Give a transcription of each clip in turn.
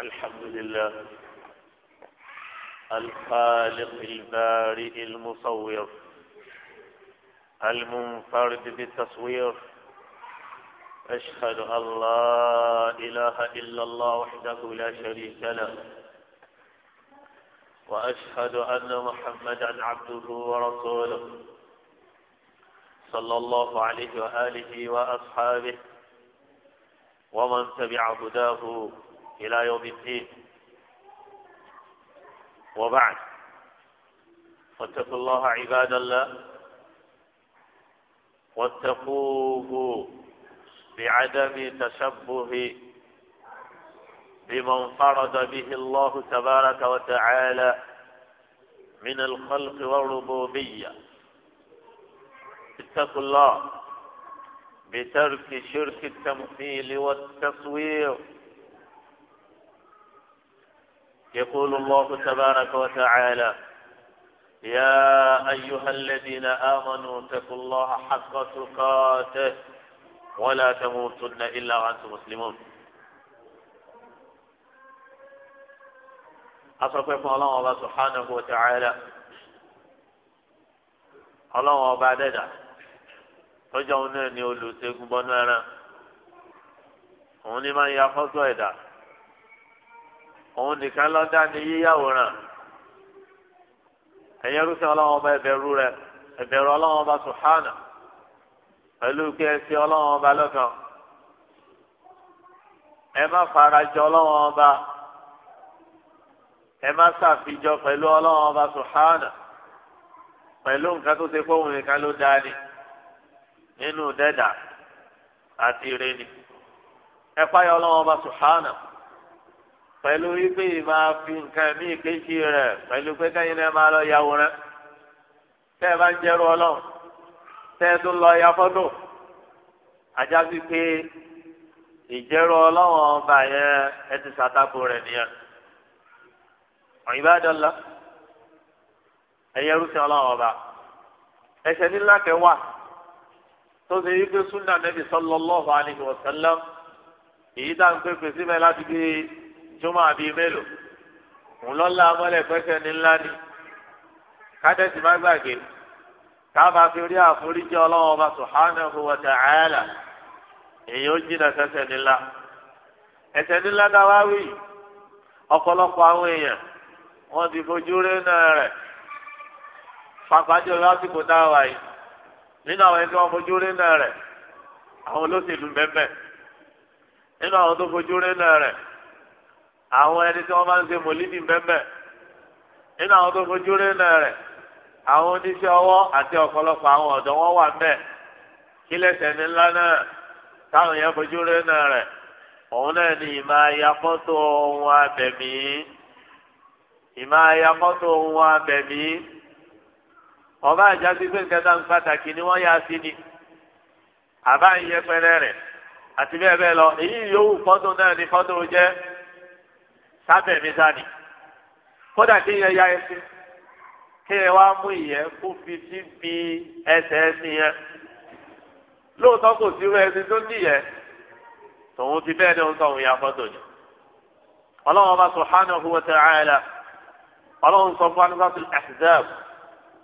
الحمد لله الخالق البارئ المصور المنفرد بالتصوير أشهد أن لا إله إلا الله وحده لا شريك له وأشهد أن محمدا عبده ورسوله صلى الله عليه وآله وأصحابه ومن تبع هداه إلى يوم الدين وبعد فاتقوا الله عباد الله واتقوه بعدم تشبه بمن انفرد به الله تبارك وتعالى من الخلق والربوبية اتقوا الله بترك شرك التمثيل والتصوير يقول الله تبارك وتعالى يا أيها الذين آمنوا اتقوا الله حق تقاته ولا تموتن إلا وأنتم مسلمون أصدقكم الله سبحانه وتعالى الله بعد ذلك tọ́jà òun náà ni olùṣègùn bọ́nú òun nìkan lọ́dá ni yíyàwó ràn ẹ̀yẹ rúṣin ọlọ́wọ́n ọba ẹ̀bẹ̀rù rẹ ẹ̀bẹ̀rù ọlọ́wọ́n ọba sùhánà pẹ̀lú kí ẹ fi ọlọ́wọ́n ọba lọ́kàn ẹ má farajọ ọlọ́wọ́n ọba ẹ má ṣàfijọ pẹ̀lú ọlọ́wọ́n ọba sùhánà pẹ̀lú nǹkan tó ṣe fóun nìkan ló dá ni nínú dẹ́dà àti ìrẹ́ni ẹ páyọ ọlọ́wọ́n ọba sùhánà pẹ̀lú wípé máa fi nǹkan mí kéṣì rẹ̀ pẹ̀lú pé kẹ́yìn náà máa lọ yàwòrán tẹ́ ẹ bá ń jẹ́rú ọlọ́run tẹ́ ẹ tún lọ ya fọ́tò ajá sí pé ìjẹ́rú ọlọ́run ọba yẹn ẹ ti ṣàtàkù rẹ̀ nìyẹn òyìnbá dọ́là ẹ̀yẹ rúṣin ọlọ́run ọba ẹ̀ṣẹ̀ nílá kẹwàá tó ṣe wípé súnà nẹ́bí sallallahu alaihi wasallam èyí tá à ń jùmọ̀ àbí mélòó òun lọ́la amọ́lẹ̀ pẹ́sẹ́ ní ńlá ni kádẹ́sì má gbàgbé káfà fi rí àforíjì ọlọ́wọ́ bá subhanahu wa ta'ala èyí ó jìnnà sẹ́sẹ̀ nílá ẹ̀sẹ̀ nílá dáwà wí ọ̀pọ̀lọpọ̀ àwọn èèyàn wọ́n ti fojú rí náà rẹ̀ pàpàjọ lásìkò dáwà yìí nínú àwọn ẹni tí wọ́n fojú rí náà rẹ̀ àwọn olóṣèlú bẹ́ẹ̀ bẹ́ẹ̀ nínú àwọn tó fojú rí náà rẹ̀ àwọn ẹni tí wọ́n máa ń ṣe mòlídì bẹ́ẹ̀ nínú àwọn tó fojú rí náà rẹ̀ àwọn oníṣẹ́ ọwọ́ àti ọ̀pọ̀lọpọ̀ àwọn ọ̀dọ́ wọn wà bẹ́ẹ̀ kí lẹ́sẹ̀ ní ńlá náà táwọn yẹn fojú rí náà rẹ̀ òun náà ni ìmọ̀ ayakọ́tò ohun abẹ̀mí ìmọ̀ ayakọ́tò ohun abẹ̀mí ọba àjàgbé pé nǹkan tá ń pàtàkì ni wọ́n yá sí ni àbá ìyẹpẹrẹ rẹ̀ àti bẹ́ẹ̀ bẹ́ẹ̀ lọ èyí yòówù fọ́tò náà ni fọ́tò jẹ́ sábẹ̀ mi sáni kódà kí yẹn ya ẹsẹ̀ kí yẹn wá mú ìyẹn fi sí bí ẹsẹ̀ ẹsìn yẹn lóòótọ́ kò sí irú ẹsìn tó ní yẹn tòun ti ya fọ́tò ọlọ́run ọba subhanahu wa ta'ala ọlọ́run sọ fún anúfàtú ahzab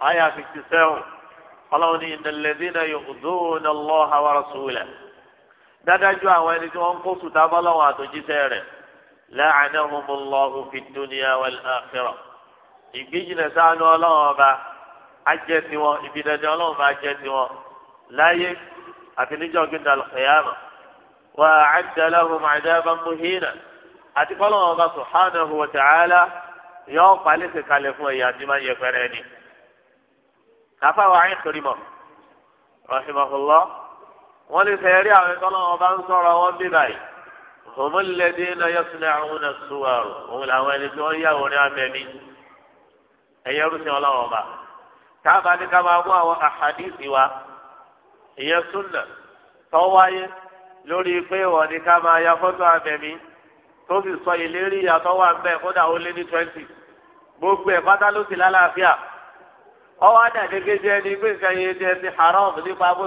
ayé fifty seven ọlọ́run ní innal ladhina yu'dhuna Allaha wa rasulahu dáadájú àwọn ẹni tí wọ́n ń kó rẹ̀. la'anahumullahu fid dunya wal akhirah ìgbéjìnà sáánú ọlọ́run ọba ajẹ́ tiwọn ibi dandan ọlọ́run ọba ajẹ́ tiwọn láyé àti níjọ́ gbẹ̀dẹ̀ al-qiyama wa a'adda lahum 'adaban muhina àti kọ́lọ́run ọba subhanahu wa ta'ala yọ pàlẹ́ sèkalẹ̀ fún ẹ̀yà tí máa yẹ pẹ́rẹ́ ni. kàfà wà á ń sori mọ́ rahimahullah wọ́n lè fẹ́ rí àwọn kọ́lọ́run ọba ń sọ̀rọ̀ wọn bí báyìí hòmùlẹ́dé náà yọ̀sùnlẹ̀ àwọn ẹ̀sùwàrù òun làwọn ẹni tí wọ́n yàwò ní abẹ́mí ẹ̀yẹ rúṣin ọlọ́wọ́ ọba táàbà ní ká máa mú àwọn àhàdìsì wa ìyẹn súnà tó wáyé lórí pé wọ́n ní ká máa ya fọ́tò abẹ́mí tó sì sọ ìlérí ìyàtọ̀ wà ń bẹ̀ kódà ó lé ní twenty gbogbo ẹ̀ pátá ló sì lálàáfíà ọwọ́ àdàgẹ́gẹ́ jẹ́ ni pé nǹkan yẹn jẹ́ ti haram nípa bó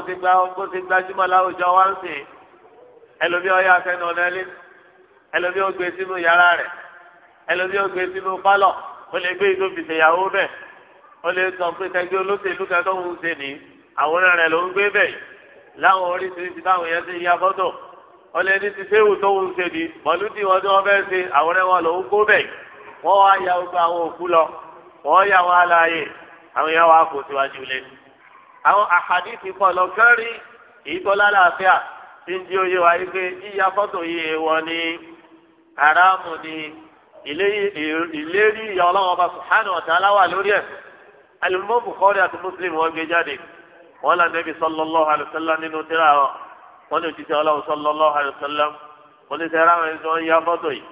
ti gbajúmọ̀ láwùjọ wá ń sìn ẹlòmí ọyọ afẹnú ọ̀nà ẹlẹ́ ẹlòmí ó gbé sínú yàrá rẹ̀ ẹlòmí ó gbé sínú pálọ̀ ó lè gbé inú fìfẹ́ ìyàwó bẹ̀ ó lè sọ pé kẹgbẹ́ olóṣèlú kẹtọ́ ń ṣe nìyí àwòrán rẹ̀ ló ń gbé bẹ̀ láwọn oríṣiríṣi báwọn yẹn ti ya fọ́tò ó lè ní ti séwù tó ń ṣe nìyí mọ̀lúdì wọn tí wọ́n fẹ́ ṣe àwòrán wọn ló ń kó bẹ̀ wọ́n wá ya gbogbo àwọn òkú lọ wọ́n yà wọ́n aláàyè àwọn yà wọ́n akó síwájú lé àwọn àhàdí ti pọ̀ lọ kẹ́rin èyí tí ń di oyè wa yìí pé yíya fọ́tò yìí wọn ni haramu ni ìlérí ìyá ọlọ́wọ́ ọba subhanahu wa ta'ala wà lórí ẹ̀ alimọ́ bukhari àti muslim wọn gbé jáde wọn là nẹ́bi sallallahu alayhi wa sallam nínú tírà wọn wọn ní òtítọ́ ọlọ́wọ́ sallallahu alayhi wa ní sẹ́ra wọn ní wọn fọ́tò yìí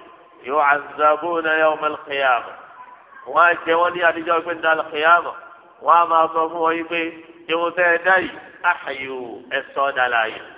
yóò azabuna yawm al-qiyamah wọn á jẹ wọn ní adijọ́ pé ní al-qiyamah wọn á máa sọ fún wọn yìí pé ìwòsàn ẹ̀dá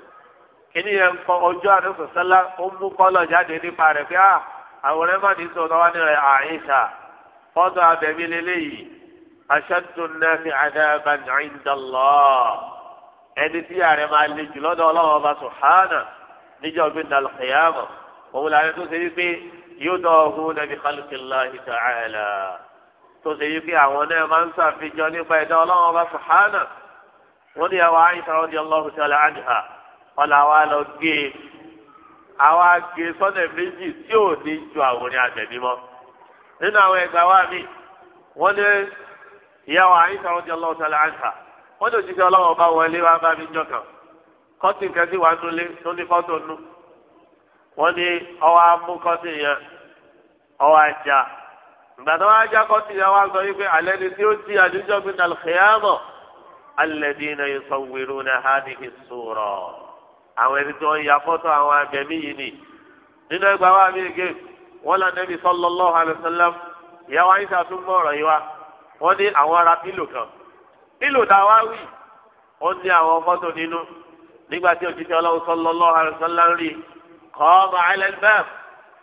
kíní yẹn kọ ọjọ́ àdókò sálá ó mú kọ́lọ̀ jáde nípa rẹ̀ pé àwọn ẹ̀ má ní sọ ọ̀dọ́ wá ní rẹ̀ àyíṣà fọ́tò abẹ́mí lélẹ́yìí aṣáájú náà fi àdáàbà nàìjíríà ẹni tí ààrẹ máa le jù lọ́dọ̀ ọlọ́wọ́ ọba sùhánà níjọ́ bí nàlùkìyàmọ̀ òun làárẹ̀ tó ṣe wípé yóò dọ̀ ọ̀hún nàbí khalqillahi ta'ala tó ṣe wípé àwọn náà máa ń ṣàfihàn nípa ẹ̀dá ọlọ́wọ́ ọba sùhánà wọ́n ní àwọn àyíṣà rọ́dí ọlọ́hùn ọ̀là wa lọ gé e àwa gé e sọ́nà méjì tí ò ní ju àwòrán àtẹ̀mí mọ́ nínú àwọn ẹgbàá wa mi wọ́n ní ìyàwó àyíṣà ọjọ́ ọlọ́wọ́ sọlá àǹtà wọ́n ní òṣìṣẹ́ ọlọ́wọ́ bá wọlé wá bá mi jọ kàn kọ́tì kẹ́sì wà nulẹ̀ tó ní fọ́tò nu wọ́n ní ọwọ́ amú kọ́tì yẹn ọwọ́ ajá ìgbà tó wá ajá kọ́tì yẹn wá sọ yí alẹ́ ni tí ó ti àdújọ́ mi nàlùkìyàmọ̀ alẹ́ dín náà yóò sọ wẹ̀rù náà hádìí sùúrọ̀ àwọn ẹni tí wọ́n ya fọ́tò àwọn abẹ̀mí yìí ni nínú ẹgbà wa mi gé wọn là nẹbi sallallahu alaihi wasallam ìyàwó àyíṣà tún mọ ọ̀rọ̀ yìí wa wọ́n ní àwọn ará pílò kan pílò tá a wá wì ó ní àwọn fọ́tò nínú nígbà tí òjijì ọlọ́run sallallahu alaihi wasallam rí kọ́ọ̀mù àìlẹ́gbẹ́m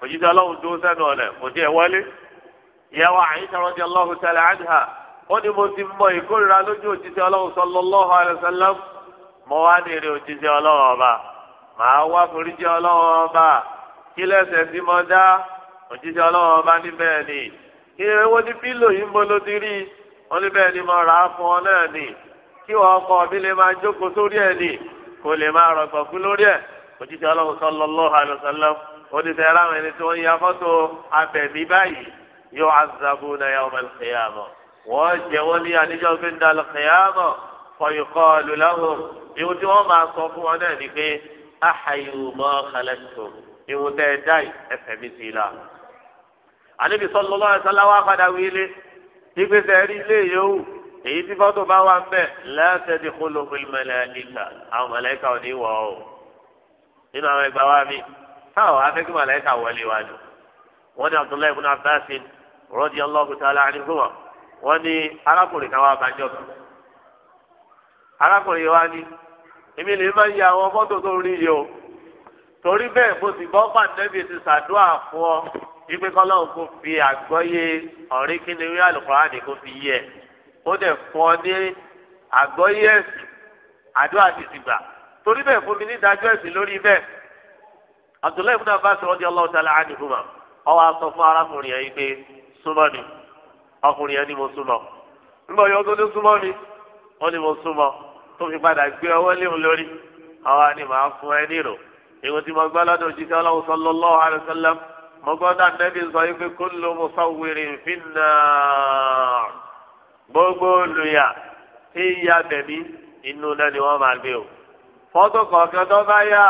òjijì ọlọ́run dúró sẹ́nu ọ̀nà kò tí ẹ wọlé ìyàwó àyíṣà radiyallahu ta'ala anha ó ní mo ti mọ ìkórìíra lójú òjijì ọlọ́run sallallahu alaihi mo wá lérè òjíṣẹ́ ọlọ́wọ́ ọba màá wá foríjì ọlọ́wọ́ ọba kí lẹ́sẹ̀ tí mo dá òjíṣẹ́ ọlọ́wọ́ ọba níbẹ̀ ni kí ewé ní pílò yìí ń bolo ti rí wọn níbẹ̀ ni mo rà á fún ọ náà ni kí wọn ọkọ mi lè máa jókòó sórí ẹ̀ ni kò lè máa rọ̀gbọ̀ kú lórí ẹ̀ òjíṣẹ́ ọlọ́wọ́ sallallahu alaihi wasallam oníṣẹ́ ráwọn ẹni tí wọ́n ya fọ́tò abẹ̀mí báyìí yóò azabuna yawm al-qiyamah wọ́n jẹ́ wọ́n ní kọ̀yìnkọ́ lùláhùn ìwọ tí wọ́n máa sọ fún wọn náà ni pé ahayu mọ́ kálẹ́tò ìwọ tẹ́ ẹ dá ẹfẹ̀ mi sí i la. àníbi sọ́nù lọ́wọ́ ẹ̀sánláwá padà wílé ìgbésẹ̀ rí ilé yòówù èyí tí fọ́tò bá wà mbẹ́ lẹ́sẹ̀dì kúlù fílmẹ̀lẹ̀ níkà àwọn mọ̀lẹ́kà ò ní wọ̀ ọ́ nínú àwọn ẹgbàá wa mi táwọn afẹ́kí mọ̀lẹ́kà wọlé wa ni wọ́n ní abdullahi ibùdó abdásìn rọ́díọ́lọ́ọ̀kú tààlà àníkùmọ̀ wọ́n ní arákùnrin kan wà kan. arákùnrin yìí wá ní èmi lè máa àwọn fọ́tò tó rí o torí bẹ́ẹ̀ mo sì bọ́ pàǹdẹ́bì ti ṣàdúrà fún ọ wípé fi àgbọ́yé ọ̀rí kíni wí àlùkùránì kò fi yẹ ó dẹ̀ fún ọ ní àgbọ́yé ẹ̀sìn àdúrà torí bẹ́ẹ̀ fún mi ní lórí bẹ́ẹ̀ ni ọkùnrin yẹn ni tó fi padà gbé ọwọ́ léwu lórí àwa ni màá fún ẹ nírò èwo tí mo gbọ́ lọ́dọ̀ òjíṣẹ́ ọlọ́run sallallahu alaihi wasallam mo gbọ́ dá nẹ́bí sọ yìí pé kullu musawwirin fin-nar gbogbo olùyà tí ń ya bẹ̀mí inú náà ni wọ́n máa gbé o fọ́tò kọ̀ọ̀kan tó bá yà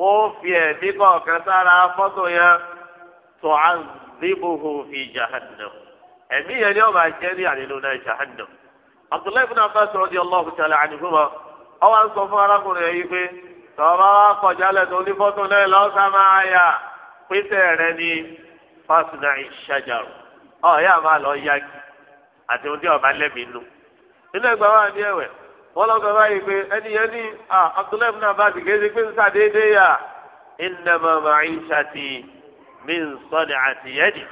wọ́n fi ẹ̀mí kọ̀ọ̀kan sára fọ́tò yẹn tu'adhibuhu fi jahannam ẹ̀mí yẹn ni wọ́n máa jẹ́ ní àlélónà jahannam abdullahi ibn abbas radiyallahu ta'ala anhuma ọwọ́ à ń sọ fún arákùnrin yìí pé tọ́ba wa kọjá lẹ́tọ̀ onífọ́tò náà lọ́sà máa yà pété rẹ ní fásitì ìṣàjàrò ọ̀ yà máa lọ yagi àti ohun tí ọba lẹ́mìí nù nínú ẹgbẹ́ wa ní ẹ̀wẹ̀ wọ́n lọ́kọ̀ báyìí pé ẹni yẹn ní abdullahi ibn abbas kìí ṣe pé ń sàdéédéé yà innama ma'ishati min sad'ati yadi.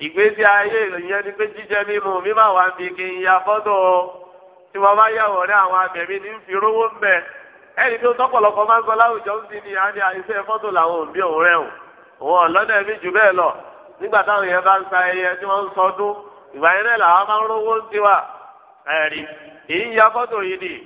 ìgbésí ayé ìròyìn ni pé jíjẹ mímu mi máa wà bí kí n ya fọ́tò tí wọ́n bá yàwọ̀ rẹ̀ àwọn abẹ̀mí ní fi rówó ń bẹ̀ ẹni tó tọ́pọ̀lọpọ̀ máa ń sọ láwùjọ ń sin ní àní àìsẹ́ fọ́tò làwọn òbí òun rẹ̀ o òun ọ̀lọ́dẹ̀ mi jù bẹ́ẹ̀ lọ nígbà táwọn yẹn bá ń sa ẹyẹ tí wọ́n ń sọdún ìgbà yẹn náà làwọn máa ń rówó ń tiwa ẹ̀rí èyí ya fọ́tò yìí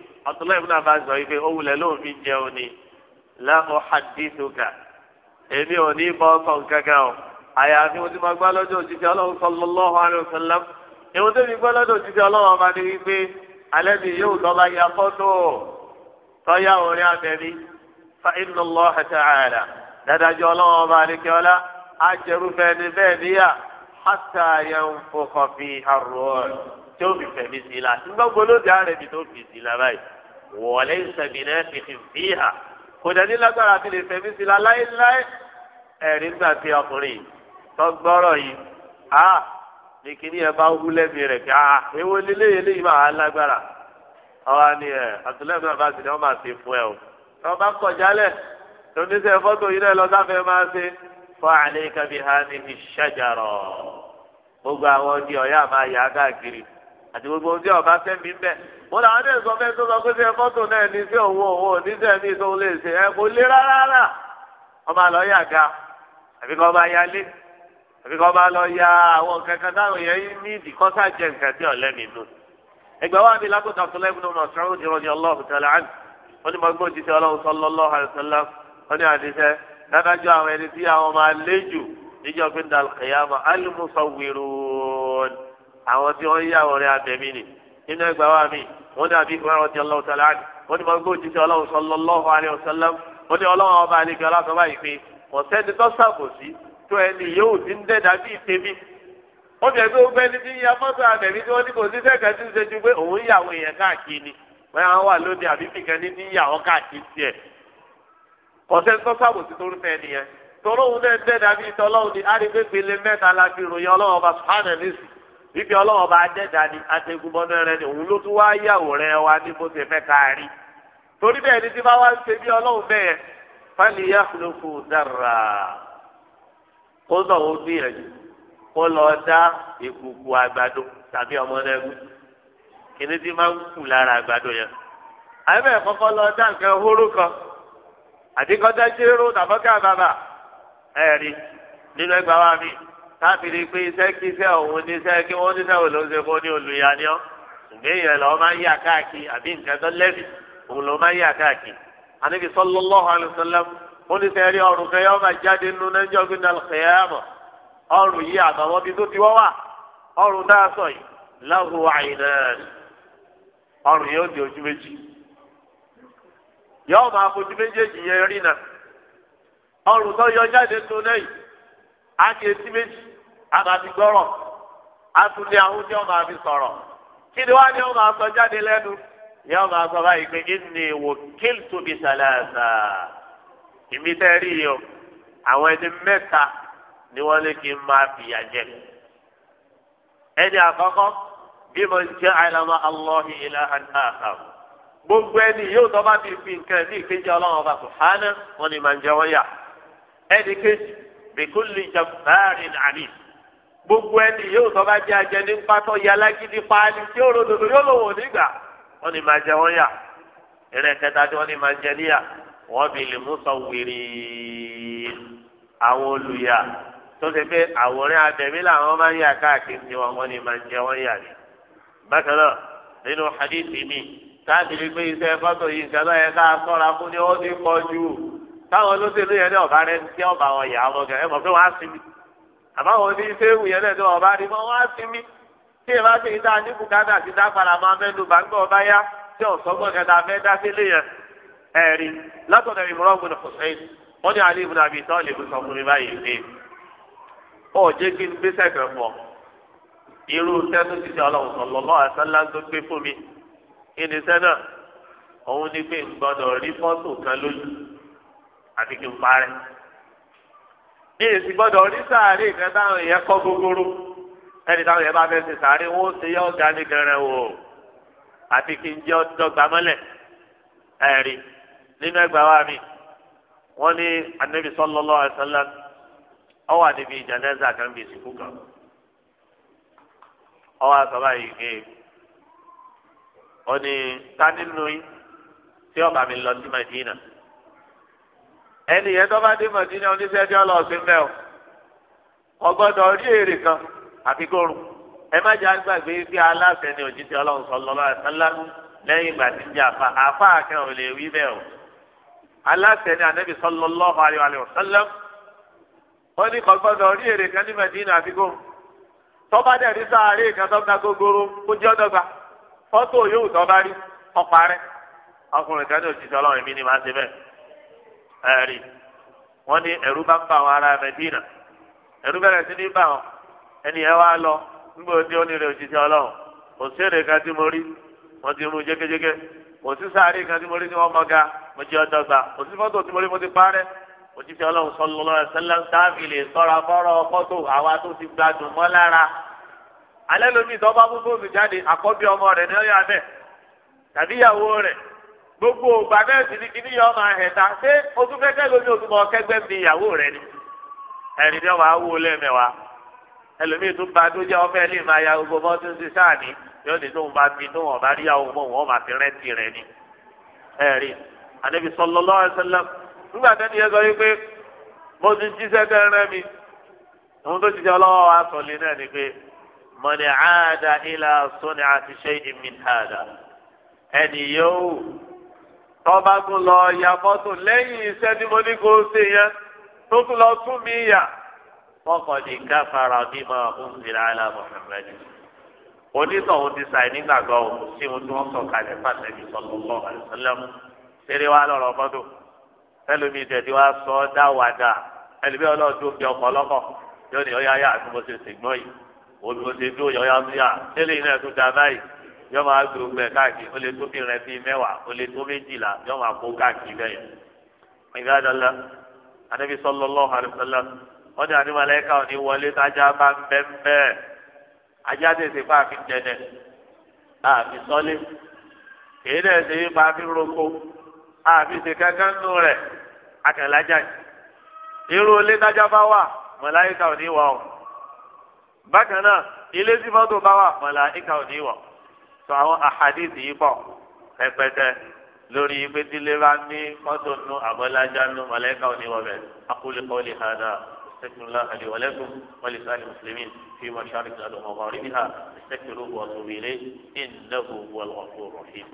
ni ọ̀túnlẹ̀ àyàfi mo ti máa gbá lọ́dọ̀ òjíṣẹ́ ọlọ́run sallallahu alaihi wasallam ìwọ́n tó fi gbá lọ́dọ̀ òjíṣẹ́ ọlọ́run ọba ni wípé alẹ́ mi yóò lọ́ba ya fọ́tò tọ́yà orin abẹ́rí fa inna Allah ta'ala dádájọ́ ọlọ́run ọba àdékẹ́ọ́lá ajẹrúfẹ́ ni bẹ́ẹ̀ níyà hàtà yẹn fọkàn fi àrùn tí ó fi fẹ̀mí sí la nígbà gbólóde ààrẹ mi tó fi sí la báyìí wọlé ìsẹ̀mìnà fìfì fìhà sí ọkùnrin yìí tọgbọrọ yìí a ní ẹ bá wú lẹ́mìí a máa lágbára ni ẹ náà bá wọ́n máa ṣe o tọ́ bá fọ́tò yìí náà máa ṣe fọ́ àlẹ́ kábí ha ní fi ṣàjàrọ̀ gbogbo àwọn ọdí máa yà á káàkiri àti gbogbo ọba sẹ́mi bẹ́ẹ̀ wọn dẹ̀ sọ fẹ́ẹ́ tó sọ pé ṣe fọ́tò náà ní òun òun lè ṣe ẹ kò lé rárá ọmọ àlọ́ àbí kọ́ bá lọ ya àwọn kankan táwọn yẹn ní ìdíkọ́sá jẹ nǹkan tí ọ̀lẹ́ mi nù. ẹgbẹ́ wa mi lágbo dr lẹ́gbẹ̀ẹ́ ọmọ ọ̀sán òdi rọ́ọ̀dì ọlọ́ọ̀hún tẹ̀lé án wọ́n ní mo gbọ́ òjì sí ọlọ́run sọ́lọ́ lọ́hà ìṣẹ́lá wọ́n ní àdìsẹ́ dádájọ́ àwọn ẹni tí àwọn máa lé jù níjọ́ pé dàlùkẹ́yàmọ́ alimusawirun àwọn tí wọ́n yí àwòrán abẹ̀mí ni nínú ẹgbẹ́ wa mi wọ́n ní àbí tó ẹni yóò ti ń dẹ́dá bíi tèmi wọ́n bẹ̀rẹ̀ pé gbogbo ẹni tí ń ya àbẹ̀mí tí wọ́n ní kò sí tí ń ṣe ju pé òun ń èèyàn káàkiri wọ́n wà lóde àbí fìkan ní ti ń yàwó káàkiri tiẹ̀ kọ̀ọ̀sẹ́ tó sábò sí torí fẹ́ nìyẹn torí òun náà ń bíi ni mẹ́ta la fi ròyìn ọlọ́run ọba sùhánà nísì bíbí ọlọ́run torí ni tí kó sọ wọn gbìyànjú kó lọ dá ìkùkù àgbàdo tàbí ọmọ náà gùn kìnní tí máa ń kù lára àgbàdo yẹn àyẹ̀bẹ̀ kọ́kọ́ lọ dá nǹkan hóró kan àdìkọ́dá jíròrò tàbọ́kà bàbà ẹ̀rí nínú ẹgbàá wa mi káfíìrì pé iṣẹ́ kí iṣẹ́ òun kí wọ́n níṣẹ́ òun ló ń ṣe fún ní ṣùgbọ́n èèyàn máa ń yà káàkiri àbí nǹkan tó oníṣẹ́ rí ọrùn kan yọ máa jáde nínú lẹ́jọ́ gbé náà kẹ́yàmọ̀ ọrùn yìí àtàwọn bíi tó ti wọ́ wà ọrùn náà sọ yìí láhùn àyìnà ọrùn yóò di ojú méjì yọ máa fojú méjèèjì yẹn rí náà ọrùn tó yọ jáde nínú lẹ́yìn á kì méjì á gbọ́rọ̀ á ní ahun tí wọ́n máa fi sọ̀rọ̀ kí ni wá ní wọ́n máa sọ jáde lẹ́nu yọ máa sọ báyìí pé èmi tẹ́ rí yìí o àwọn ẹni mẹ́ta ni wọ́n lé kí n máa fìyà jẹ. ẹni àkọ́kọ́ bí mo jẹ́ àìlàmọ́ alọ́hìn ilá àdáhà gbogbo ẹni yóò tọ́ bá ti fi nǹkan ní ìkejì ọlọ́run ọba sùhánà wọn ni màá jẹ wọ́n yà ẹni kejì bìkúlì jàmbáàrin àní gbogbo ẹni yóò tọ́ bá jẹ́ ajẹ́ ní pátọ́ yalágídí paálí tí ó ròdòdò yóò lò wọ́n nígbà wọn ni màá jẹ wọ́n yà ìrẹ̀kẹta tí wọ́n ni màá jẹ níyà wọ́n bí lè mú sọ wìrì àwọn olùyà tó ṣe pé àwòrán abẹ̀mí làwọn máa ń yà káàkiri tí wọn ní máa ń jẹ wọ́n yà ní. bákan náà nínú hadithi mi káàkiri pé iṣẹ́ fọ́tò yìí nǹkan náà yẹ ká sọ́ra fún ni ó ti pọ̀ jù táwọn olóṣèlú yẹn ní ọ̀bá rẹ tí ọ̀bá wọn yà á lọ́gàn mọ̀ pé wọ́n á sinmi àbáwọn oníṣẹ́wù yẹn náà ní rí wọ́n á sinmi tí ìbá ti dá níbùkátà ti dá máa mẹ́nu bàgbọ́ ọba yá tí ọ̀sọ́gbọ́n kẹta fẹ́ dá sílé yẹn ẹ̀rí látọ̀dọ̀ ìmúra ọ̀gbìn Hussein wọ́n ní Ali ibn Abi Talib sọ fún mi báyìí pé ó jẹ́ kí n gbé sẹ́kẹ̀ pọ̀ irú sẹ́nu ti ṣe ọlọ́run sallallahu alaihi wasallam tó gbé fún mi kí ni sẹ́nà òun ní pé n gbọ́dọ̀ rí fọ́tò kan lójú àti kí n parẹ́ ní èsì gbọ́dọ̀ rí sàárè kan táwọn èèyàn kọ́ gbogbooro ẹni táwọn èèyàn bá fẹ́ ṣe sàárè wọn ṣe yọ ọ̀gá ní gẹrẹ wò àti kí n jẹ́ ọdọ́gba ẹ̀rí nínú ẹgbàá wa mi wọ́n ní anabi sallallahu alaihi wasallam ó wà níbi janaza kan bí ìsìnkú kan ó wá sọ báyìí pé ó ní ta nínú yín tí ó bá mi lọ sí Madina ẹni yẹn tó bá dé Madina oníṣẹ́ tí ó lọ sí mbẹ́ o ọgbọ́dọ̀ rí èrè kan àfi kórun ẹ má jẹ́ agbàgbé bí aláṣẹ ni òjijì ọlọ́run sọ lọ́wọ́ àtàlágún lẹ́yìn ìgbà tí ń jẹ àfa àfa àkẹ́wọ̀n lè wí bẹ́ẹ̀ o aláṣẹ ni anabi sallallahu alayhi wa sallam wọn ní kò gbọ́dọ̀ rí èrè kan ní Medina àfikún tọba dẹ ní sáré kan tó ga gogoro kó jẹ ọdọgba fọtò yóò tọba rí ọparẹ ọkùnrin kan ní òjijì Ọlọ́run èmi ni màá ṣe bẹ́ẹ̀ ẹrí wọn ní ẹ̀rù bá ń bá àwọn ará Medina ẹ̀rù bẹ̀rẹ̀ sí ní bá wọn ẹni ẹ wá lọ nígbà ó ti rún mo jẹ́ ọ̀dọ́gba kò sí fọ́tò tí mo rí mo ti parẹ́ mo ti fi ọlọ́run sọ lọ́wọ́ ẹ̀sẹ̀lẹ̀ sáfì lè sọ́ra fọ́rọ̀ fọ́tò àwa tó ti gbádùn mọ́ lára alẹ́ lomi ìtọ́ bá mú fóònù jáde àkọ́bí ọmọ rẹ̀ ní ọ̀yà bẹ́ẹ̀ tàbí ìyàwó rẹ̀ gbogbo ògbà bẹ́ẹ̀ sì ni kíní yọ ọmọ ẹ̀ta ṣé o tún fẹ́ kẹ́ lomi òtún kẹgbẹ́ mi ìyàwó rẹ̀ ni ẹ̀rìn náà wàá wó lẹ́mẹ̀wàá ẹlòmíì tún ba tó jẹ́ ọfẹ́ lè máa ya gbogbo bọ́ tó ṣe sáà ní yóò ní tóun bá fi tóun ọ̀bá rí àwọn ọmọ òun ọ̀ anabi sallallahu alaihi wasallam nígbà tẹ́ni yẹn sọ wípé mo ti jíṣẹ́ tẹ́rẹ́ mi ohun tó jíṣẹ́ ọlọ́wọ́ wa sọ lé náà ni pé mọ̀nì àádá ilà sọ́ni àti ṣe ìmìn àádá ẹnì yóò tọ́ba tún lọ ya mọ́tò lẹ́yìn iṣẹ́ tí mo ní kó ṣe yẹn tó tún lọ tún mi yà fọkàn ní káfàrà bímọ ọ̀húnfìlà àlà Muhammad onítọ̀hún ti sàì nígbàgbọ́ sí ohun tí wọ́n sọ kalẹ̀ fàtẹ́bí sallallahu alaihi eré wa lọ̀rọ̀ fọ́tò ẹlòmíì tẹ̀sí wa sọ ọ́ dá wà dà ẹlòmíì ọlọ́ọ̀dún bí ọkọ̀ ọlọ́kọ̀ yóò ní ọ̀yá yá àtúbọ̀sẹ̀ sègbọ́n yìí olùkọ́sẹ̀ tó yọ̀ọ́yá yá tẹ́lẹ̀ iná ẹ̀tún da báyìí yọ máa gbé ogun ẹ̀ káàkiri ó lè tó bí rẹ bíi mẹ́wàá ó lè tó méjìlá yọ máa kó káàkiri bẹ́ẹ̀ yẹn. ìgbà dọ́là anábì sallallahu alaihi wasallam wọ́n ní àdìmọ̀lẹ́kà òní wọlé tájà bá ń bẹ́ bẹ́ẹ̀ ajá tètè fún àfi jẹnẹ àfi sọ́lé kèé dẹ̀ ṣe é máa fi roko àfi ṣe kankan nù rẹ̀ akànlájà ni irú ilé tájà bá wà màláíkà ò ní wà o bákan náà ilé tí fọ́tò bá wà màláíkà ò ní wà sọ àwọn àhàdìsì yìí pọ̀ rẹpẹtẹ lórí ipe tí lè bá ní fọ́tò nù àbọ̀lájà nù màláíkà ò ní wà bẹ́ẹ̀ aqulu qawli hadha. استغفر الله لي ولكم ولسائر المسلمين في مشارق الارض ومغاربها استغفروه واتوبوا اليه انه هو الغفور الرحيم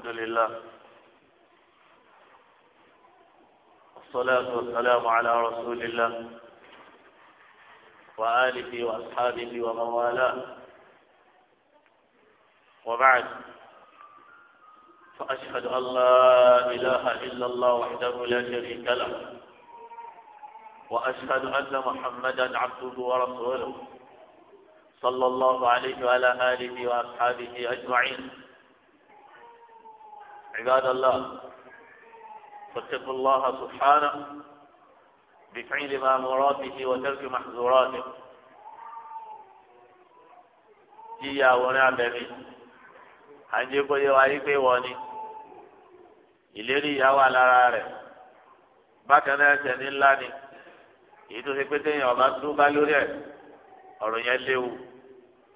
الحمد لله والصلاة والسلام على رسول الله وآله وأصحابه ومن والاه وبعد فأشهد أن لا إله إلا الله وحده لا شريك له وأشهد أن محمدا عبده ورسوله صلى الله عليه وعلى آله وأصحابه أجمعين عباد الله فاتقوا الله سبحانه بفعل ماموراته وترك محظوراته jíyà wọn ní abẹ́mi àjẹkọyẹ wa yí pé wọ́n ni ìlérí ìyá wà lára rẹ̀ bákan náà ẹsẹ̀ ní ńlá ni èyí tó ṣe pé téèyàn ọba tó bá lórí ẹ̀ ọ̀rọ̀ yẹn léwu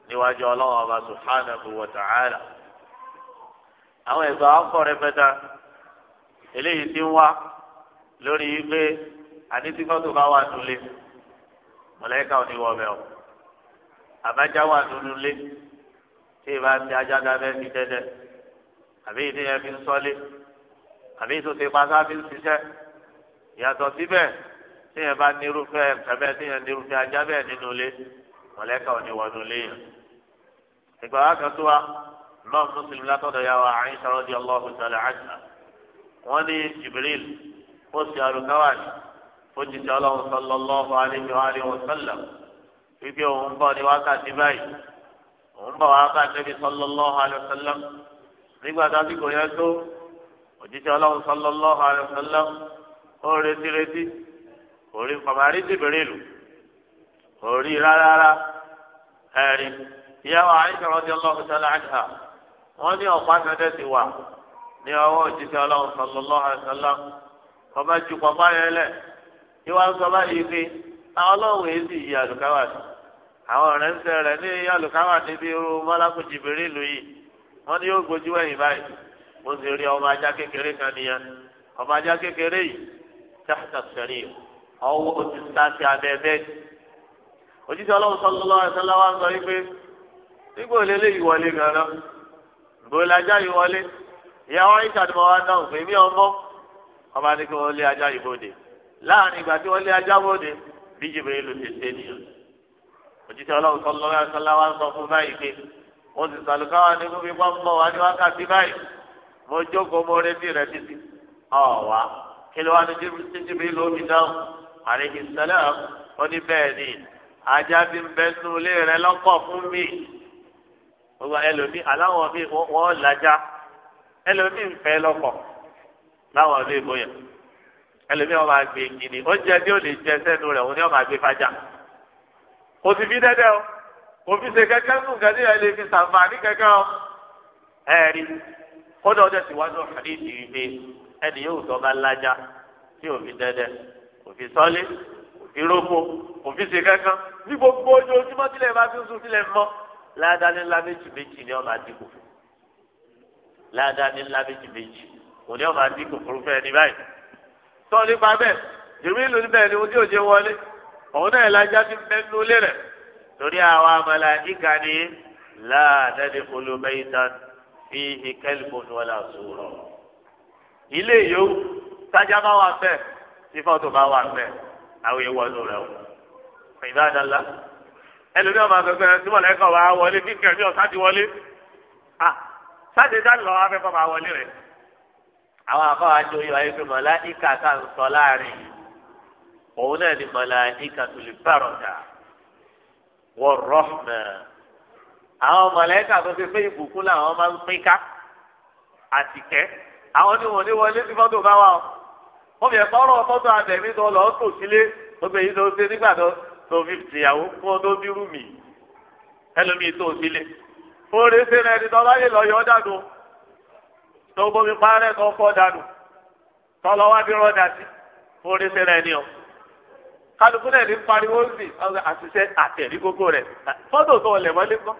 níwájú ọlọ́run ọba subhanahu wa ta'ala àwọn ẹgbẹ́ ọkọ̀ rẹpẹta eléyìí ti ń wá lórí pé àdìsíkọ́tò bá wà nulẹ̀ mọ̀lẹ́kà ò ní wọ ọbẹ̀ o àbájá wà nulẹ̀ tí ì bá ti ajá dábẹ́ fi dẹ́dẹ́ àbí ìdí yẹn fi ń sọ́lé àbí tó ti pàṣẹ fi ń ṣiṣẹ́ ìyàtọ̀ síbẹ̀ tí yẹn bá nírúfẹ́ ẹ̀kẹ́bẹ́ tí yẹn nírúfẹ́ ajá bẹ́ẹ̀ nínú ilé mọ̀lẹ́kà ò ní wọ yẹn ìgbà wákàtí wa imam muslim látọ̀dọ̀ ya wa aisha radiyallahu ta'ala anha wọ́n ní jibril ó sì àrùkáwá ni ó ti sọ ọlọ́run sallallahu alayhi wa alihi wa sallam wípé òun bọ̀ ní wákàtí báyìí òun bọ̀ wákàtí níbi sallallahu alayhi wa sallam nígbà tá a ti kò yẹn tó òjíṣẹ́ ọlọ́run sallallahu alayhi wa sallam ó retí retí kò rí kọ̀márì jibril kò rí rárá rárá ẹ̀rí ìyá wa aisha radiyallahu ta'ala anha. wọ́n ní ọ̀pá kẹ́kẹ́ ti wà ní ọwọ́ òjíṣẹ́ ọlọ́run sallallahu alaihi wasallam ọba ju pọ̀pá yẹn lẹ̀ ìwà sọ báyìí pé ọlọ́run èyí sì yí àlùkáwà sí àwọn ọ̀rẹ́ ń ní àlùkáwà níbi irú mọ́lákù jìbìrì ìlú yìí ní yóò gbójú ẹ̀yìn báyìí mo sì rí ọmọ ajá kékeré kan nìyẹn ọmọ ajá kékeré yìí sẹ́rí ọwọ́ òjíṣẹ́ ọlọ́run sọ òun lajá yìí wọlé ìyàwó ayíṣà ni mo wá dáhùn pé mí ọmọ ọba ní kí wọ́n lé ajá yìí bóde láàrin ìgbà tí wọ́n lé ajá bóde bí jìbìrì ló ti ṣe nìyẹn òjíṣẹ́ ọlọ́run tó lọ́wọ́ ẹ̀sọ́lá wa sọ fún báyìí pé mo sì sàlùkọ́ wa ní fúnmi pọ́n mọ́ wa ní wákàtí báyìí mo jókòó mo retí rẹ títí ọ̀wá kí ló wá ní jìbìrì ló fi dáhùn àrègbèsálẹ̀ ọ ní bẹ́ẹ̀ ni ajá ti ń bẹ́ẹ̀ nulẹ̀ rẹ lọ́kọ̀ fún mi gbogbo ẹlòmíì aláwọn bíi wọn lajà ẹlòmíì ń fẹ́ lọ́pọ̀ láwọn bíi bóyá ẹlòmíì wọn máa gbé gidi oúnjẹ tí ó lè jẹ sẹ́nu rẹ̀ òun ni wọn máa gbé fájà kò sì fi dẹ́dẹ́ o kò fi ṣe kẹ́kẹ́ fún kẹ́kẹ́ yẹn lè fi sàǹfààní kẹ́kẹ́ o ẹ̀rí kódà ọjọ́ síwájú àdéhìí wípé ẹni yóò tọ́ bá lajà tí ò fi dẹ́dẹ́ kò fi sọ́lé kò fi rógbó kò fi ṣe kẹ́kẹ́ ní gbogbo ojoojúmọ́ tilẹ̀ bá tún sùn tilẹ̀ mọ́ ládàáni ńlá méjì méjì ni ọba dìbò ládàáni ńlá méjì méjì òní ọba dìbò fúrufẹ́ ẹni báyìí tọ́ nípa bẹ́ẹ̀ jìbìlù níbẹ̀ ni ojú òjò wọlé òun náà lájá ti mẹ́nu lé rẹ̀ torí àwọn amala ìka ni láàdẹ́ni olùmẹ́yìntàn fi ìkẹ́lìmọ̀ níwọ̀lá sùúrọ̀ ilé yòó sájà bá wà fẹ́ sífọ́tò bá wà fẹ́ àwọn èèwọ̀ nù rẹ̀ o ìbáradà ńlá ẹlòmí ọmọ akẹ́kọ̀ọ́ tí mọlẹ kọ wá wọlé bí kẹmí ọsá ti wọlé à sáde dá lọ wá fẹ kọ máa wọlé rẹ. àwọn akọ àjọ yọ ayé pé mọlá ìka ká ń sọ láàrin òun náà ni mọlá ìka tó lè bàrọ̀dà wọ rọ́ọ̀mù àwọn mọlẹ ìka tó ti pé ìbùkún làwọn máa ń pín ká àtìkẹ́ àwọn tí wọn ní wọlé tí fọ́tò bá wà ó. fi ẹ̀kọ́ ọ̀rọ̀ fọ́tò àbẹ̀mí tó lọ́ọ́ tò sílé gbogbo èyí tó ṣe nígbà tó tó fífi ìyàwó fún ọ tó bírú mi ẹlòmíì tó sílé fúnre sínú ẹni tó bá lè lọ yọ dànù tó bómi parẹ́ tó fọ́ dànù tó lọ wá bí rọ́dà sí fúnre sínú ẹni o kálukú náà ní pariwo sí àṣìṣe àtẹ̀rí gbogbo rẹ̀ fọ́tò tó lẹ̀ wọlé kọ́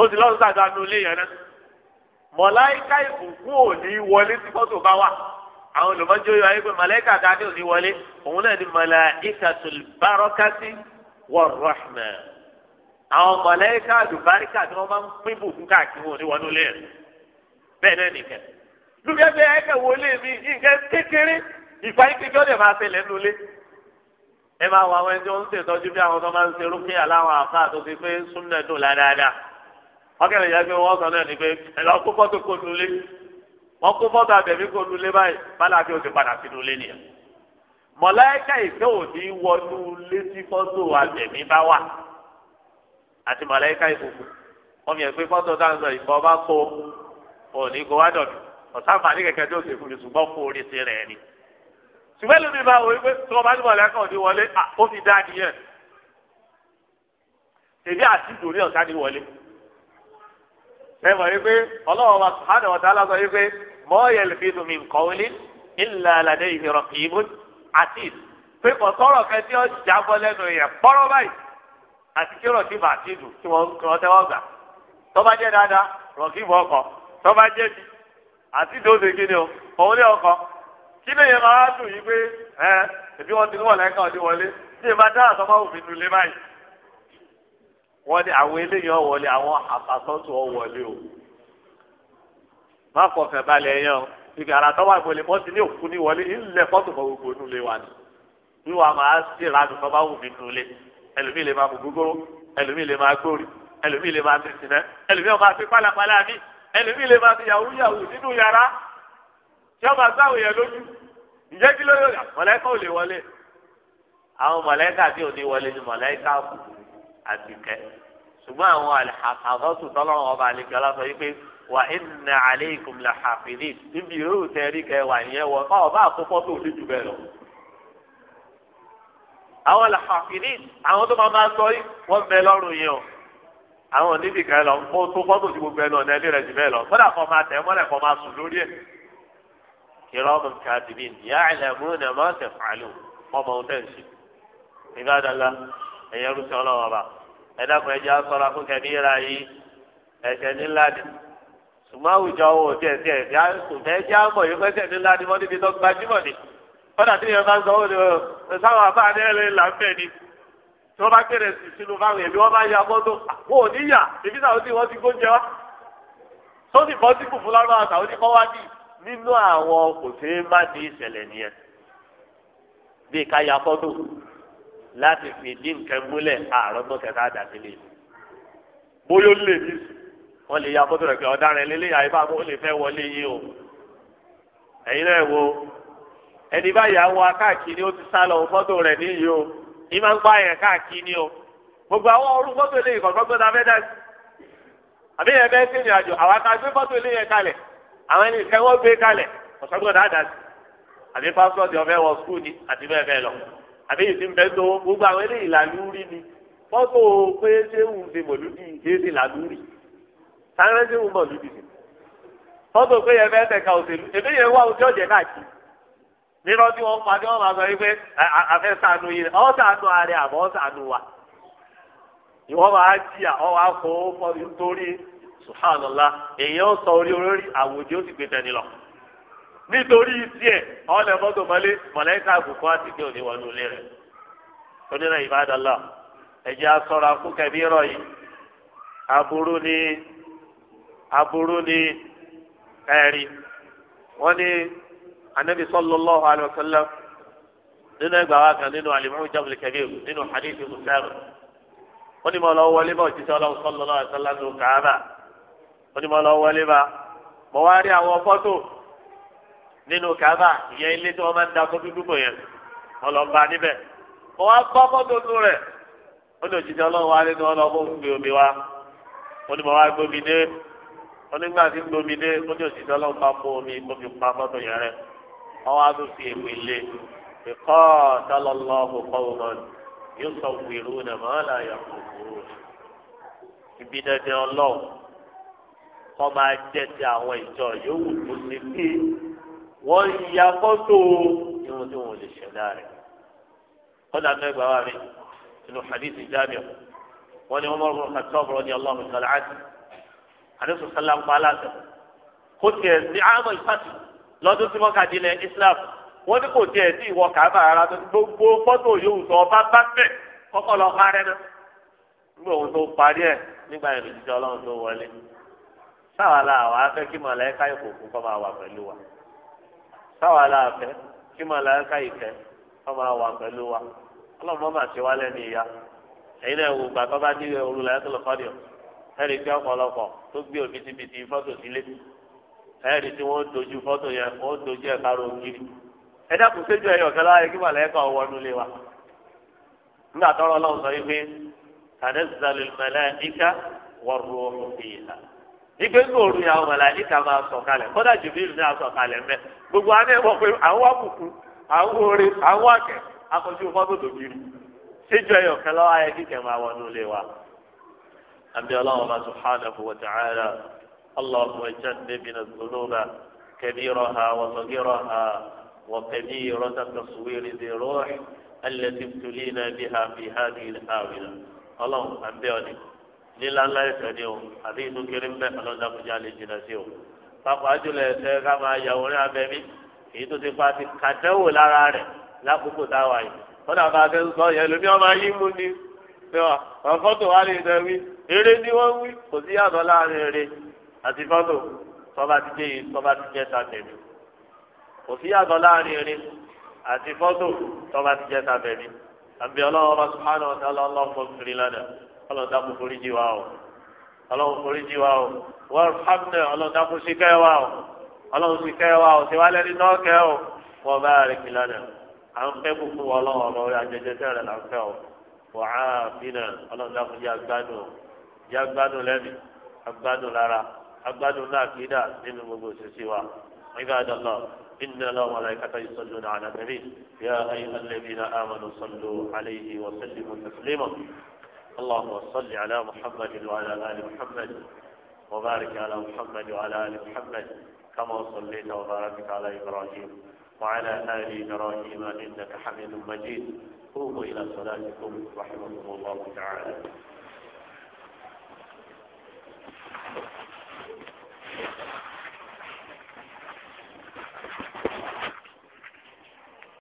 ó sì lọ́sọ̀ àgbà nulẹ̀ yẹn náà mọ̀láyíká ìbùkún ò ní wọlé tí fọ́tò bá wà àwọn olùmọ́jọ́ yóò ayé pé màláìka tá a ní òní wọlé òun náà ni màláìkatul barakati war rahma àwọn màláìka àdùbáríkà tí wọ́n máa ń pín bùkún káàkiri òní wọnú lé rẹ̀ bẹ́ẹ̀ náà nìkẹ́ lóbi ẹgbẹ́ ẹ̀ka wọlé mi nǹkan kékeré ìfàyín kékeré ọ̀dẹ̀ máa ṣẹlẹ̀ nulẹ̀ ẹ máa wọ àwọn ẹni ń ṣètọ́jú bí àwọn tó máa ń ṣe rúkẹ́ aláwọ̀ àfáà wọ́n kó fọ́tò abẹ̀mí kó nu lé báyìí bálàfíà ó ti padà sínú ilé nìyẹn. mọ̀láyíkà ìfẹ́ ò ní wọnú létí fọ́tò abẹ̀mí bá wà àti mọ̀láyíkà ìfòkù wọ́n mi ẹ̀ pé fọ́tò táwọn sọ ìfọ́ bá kó ò ní kó wá dọ̀dù ọ̀sánfààní kẹ̀kẹ́ tó ṣe fún mi ṣùgbọ́n fún orí ti rẹ̀ ni. ṣùgbọ́n lómi máa wọ pé tí wọ́n bá ní mọ̀láyíkà ò ní wọlé ó fi dá nìyẹn. tèmi àti ìdòrí ọ̀sán ẹ mọ̀ wípé ọlọ́wọ́ wa sùhánù ọ̀tá aláṣọ wípé mọ́ọ̀yẹ̀ lè fi dùn mí nkọ́wélé ńlá aládé ìhìrọ̀ kì í mú àti pé ọ̀tọ́rọ̀ kẹ́ tí ó jábọ́ lẹ́nu yẹn pọ́rọ́ báyìí àti kí rọ̀kì bá ti dùn tí wọ́n kọ́ tẹ́wọ́ gbà tọ́ba jẹ́ dáadáa rọ̀kì bọ́ ọkọ̀ tọ́ba jẹ́ bi àti dòde kíni o òun ní ọkọ̀ kí lè yẹn máa dùn yìí pé ẹ ẹbí wọn ti wọ̀ lẹ́kàn wọ́n ní àwọn eléyìí ọ̀wọ́lé àwọn àpàtọ́tù ọ̀wọ́lé o má fọkàn balẹ̀ yẹn o ibi ara tọ́wọ́ àgbọ̀lẹ̀ mọ́ ti ní òkú ní wọlé ilẹ̀ fọ́tò fọ gbogbo inú ilé wa ni wíwá máa sí ìlànà tó bá wù mí nù ilé ẹlòmíì lè máa mú gbogbo ẹlòmíì lè máa gbórí ẹlòmíì lè máa ti sìnẹ ẹlòmíì máa fi pálapàla mi ẹlòmíì lè máa fi yàwó yàwó nínú yàrá tí wọ́n máa gbáwò yẹn lójú ìjẹ́ kí ló yọ mọ̀lẹ́kà ò lè wọlé àwọn mọ̀lẹ́kà tí ò ní wọlé ni mọ̀lẹ́kà kù àti kẹ́ ṣùgbọ́n àwọn àlàkàtọ́tù tọ́lọ́run ọba àlejò aláṣọ yìí pé wà inna alaykum la hafidin níbi yòówù tẹ́rí kẹ́ wà yẹn wọ ọ bá àkókò tó lè jù bẹ́ẹ̀ lọ. àwọn làhafidin àwọn tó máa máa sọ yìí wọ́n bẹ lọ́rùn yìí o àwọn oníbì kan lọ kó tó fọ́tò tí gbogbo ẹnu ọ̀nà ẹlẹ́rẹ̀ jù bẹ́ẹ̀ lọ kódà kọ́ máa tẹ̀ mọ́lẹ̀ kọ́ máa sùn lórí ẹ̀. kiramun katibin ya'lamuna ma taf'alun ẹ̀yẹ rúṣẹ́ ọlọ́wọ́ ọba ẹ̀dàkùn ẹ̀jẹ̀ asọ́ra fún kẹ̀mí ra yìí ẹ̀ṣẹ̀ ńlá ṣùgbọ́n àwùjọ wo tiẹ̀ tiẹ̀ ẹ̀ṣẹ̀ ẹ̀jẹ̀ àmọ̀ yìí fẹ́ṣẹ̀ ńlá ni níbi tó gbajúmọ̀ ni kọ́dà tí yẹn bá ń sọ ó lè sáwọn àbáàdé ẹ̀rẹ́ là ń bẹ̀ ni tí wọ́n bá gbére sínú fáwọn èmi wọ́n bá ya mọ́tò wọn ò èmi táwọn tí wọ́n ti gbóúnjẹ wá sódì bọ́sì kù fún lọ́rọ́ àtàwọn oníkọ́ wá bì nínú àwọn kò má di ìṣẹ̀lẹ̀ nìyẹn bí ká ya fọ́tò láti fi dín nǹkan múlẹ̀ àrọ́gbọ́n kẹta àdàbí lè mú. bóyá ó lè ní wọ́n lè ya fọ́tò rẹ̀ pé ọ̀daràn lélẹ́yà ibà mú ó lè fẹ́ wọlé yìí o. ẹ̀yin náà wo ẹni báyìí àwọn akáàkiri ó ti sá lọ fọ́tò rẹ̀ níyìí o ní máa ń gbá yẹn káàkiri o. gbogbo àwọn orú fọ́tò ilé ìkọ̀kọ́gbọ́n ta fẹ́ dá àbí yẹn bẹ́ẹ̀ sínú àjò àwọn akáàgbé fọ́tò ilé yẹn kalẹ̀ àwọn ẹni ìfẹ́ wọ́n gbé kalẹ̀ ọ̀sọ́gbọ́n dáadáa sí. àbí pásítọ̀ àbí yìí gbogbo àwọn eléyìí làlúrí ni fọ́tò pé ṣéwù ṣe mọ̀lúdì ṣe ṣe làlúrí sáré ṣéwù mọ̀lúdì ṣe fọ́tò pé yẹn fẹ́ tẹ̀ka òṣèlú èmi yẹn wá ojú ọ̀jẹ̀ káàkiri nínú tí wọ́n padà wọ́n máa sọ wípé àfẹ́ sànù yìí ọ́ sànù ààrẹ àmọ́ sànù wa ìwọ́n máa jí à ọ́ wá kó fọ́ nítorí subhanallah èèyàn sọ orí olórí àwòjì ó sì gbé tẹ̀ni lọ nítorí tiẹ̀ àwọn lè mọ́tò mọ́lé mọ̀lẹ́kà àbùkù àti kí òní wọnú ilé rẹ̀ onírà ìbádọ́lá ẹ̀jẹ̀ asọ́ra kú kẹ́bí rọ̀ yìí aburú ni aburú ni ẹ̀rí wọ́n ní anabi sallallahu alayhi wa nínú ẹgbàá wa kan nínú alimuhu jabul kabir nínú hadithi musaru wọ́n ní mo lọ wọlé bá òjijì ọlọ́run sallallahu alayhi wa sallam ní kaaba wọ́n mo lọ wọlé bá mo wá rí àwọn fọ́tò nínú kaaba ìyẹn ilé tí wọ́n máa ń da fún dúdú bò yẹn wọ́n lọ bá níbẹ̀ wọ́n wá gbọ́ fọ́tòtò rẹ̀ ó lè jíjẹ ọlọ́run wá nínú ọlọ́run ó gbé omi wá ó ní mo wá gbómi dé ó nígbà tí gbómi dé ó ní òjijì ọlọ́run bá mú omi ó pa fọ́tò yẹn rẹ̀ wọ́n wá tún fi èpè lé ìkọ́ tálọ́lọ́hù kọ́wọ́n yóò sọ wìrú nà mọ́ láyà kúkúrú ibi dandan ọlọ́run kọ́ máa jẹ́ ti àwọn ìjọ yòówù tó ti wọ́n ya fọ́tò irun tí wọ́n lè ṣẹ̀dá rẹ̀ kọ́dà tó ẹgbàá wa mi inú hadithi jamiu wọ́n ní Umar ibn Khattab radiyallahu ta'ala anhu àdéhùn sọ́lá ń pa aláṣẹ kó tiẹ̀ ní àmọ́ ìfàtì lọ́dún tí wọ́n kàdí ilẹ̀ Islam wọ́n ní kò tiẹ̀ sí ìwọ kàábà ara tó gbogbo fọ́tò yòówù tó ọba bá bẹ̀ kọ́kọ́ lọ parẹ́ náà nígbà òun tó parí ẹ̀ nígbà ìrìnsíjọ́ ọlọ́run tó wọlé sáwàlà àwọn afẹ́kí mọ̀lẹ́ká ìkòkò kọ́ máa wà pẹ̀lú wa. táwa afẹ kí màláíkà ìfẹ́ wọ́n ma wà pẹ̀lú wa ọlọ́run máa ṣe wá lẹ́nu ìyá ẹ̀yin náà wò gbàgbọ́ bá dé òru làyàtọ̀ lọ́kọ́dìọ̀ ẹ̀rì pé ọ̀pọ̀lọpọ̀ tó gbé òbítíbitì fọ́tò sílé ẹ̀rì tí wọ́n dojú fọ́tò yẹn wọ́n dojú ẹ̀ kárò ògiri ẹ dákun séjú ẹ̀yọ̀ kí lé wa nígbà ọlọ́run sọ yìí pé tàdé ìgbé ní òru yà ọmọ làyè ká máa sọ kalẹ̀ kódà jùbìlì náà sọ kalẹ̀ mẹ gbogbo àná ẹwọ pé àwọn àbùkù àwọn oore àwọn àkẹ akọjú fọtò dòbìrì síjọ ẹyọ kẹlẹ wáyé kíkẹ máa wọnú ilé wa. àbí ọlọ́run bá subhanahu wa ta'ala allahumma jannibna dhunuba kabiraha wa saghiraha wa kabirata taswiri dhi ruh allati ibtulina biha fi hadhihi al-awila ọlọ́run líla ńlá ẹsẹ̀ ni o àti inú kiri ń bẹ ọlọ́dà kújà lè jìnnà sí o pàápàá jùlọ ẹsẹ̀ ká máa yàwó ní abẹ́mí èyí tó ti pa ti kàtẹ́wò lára rẹ̀ lákòókò táwa yìí wọ́n náà bá akẹ́kọ̀ọ́ sọ yẹn lómi ọmọ ayé mú ni wọ́n fọ́tò wà lè dẹ̀ wí eré ni wọ́n wí kò sí yàtọ̀ láàrin eré àti fọ́tò tọ́ba ti dé yìí tọ́ba ti jẹ́ sàtẹ̀mí kò sí yàtọ̀ láàrin eré àti fọ́tò tọ́ba ti jẹ́ sàtẹ̀mí àbí ọlọ́wọ́ bá sùpánù ọlọ́dà kò forí jì wá o ọlọ́run forí jì wá o wọ́n hàmdẹ̀ ọlọ́dà kò sí kẹ́ wá o ọlọ́run sì kẹ́ wá o tiwa lẹ́ni náà kẹ́ o wọ́n bá rẹ̀ kí lánàá à ń fẹ́ kúkú ọlọ́run ọ̀rọ̀ àjẹjẹ tẹ̀rẹ̀ là ń fẹ́ o wọ́n á bínà ọlọ́dà kò yá gbádùn yá gbádùn lẹ́mìí agbádùn lára agbádùn náà kí dà nínú gbogbo òṣìṣẹ́ wa الله إن الله وملائكته يصلون على النبي يا أيها الذين آمنوا صلوا عليه وسلموا تسليما اللهم صل على محمد وعلى آل محمد وبارك على محمد وعلى آل محمد كما صليت وباركت على إبراهيم وعلى آل إبراهيم إنك حميد مجيد قوموا إلى صلاتكم رحمكم الله تعالى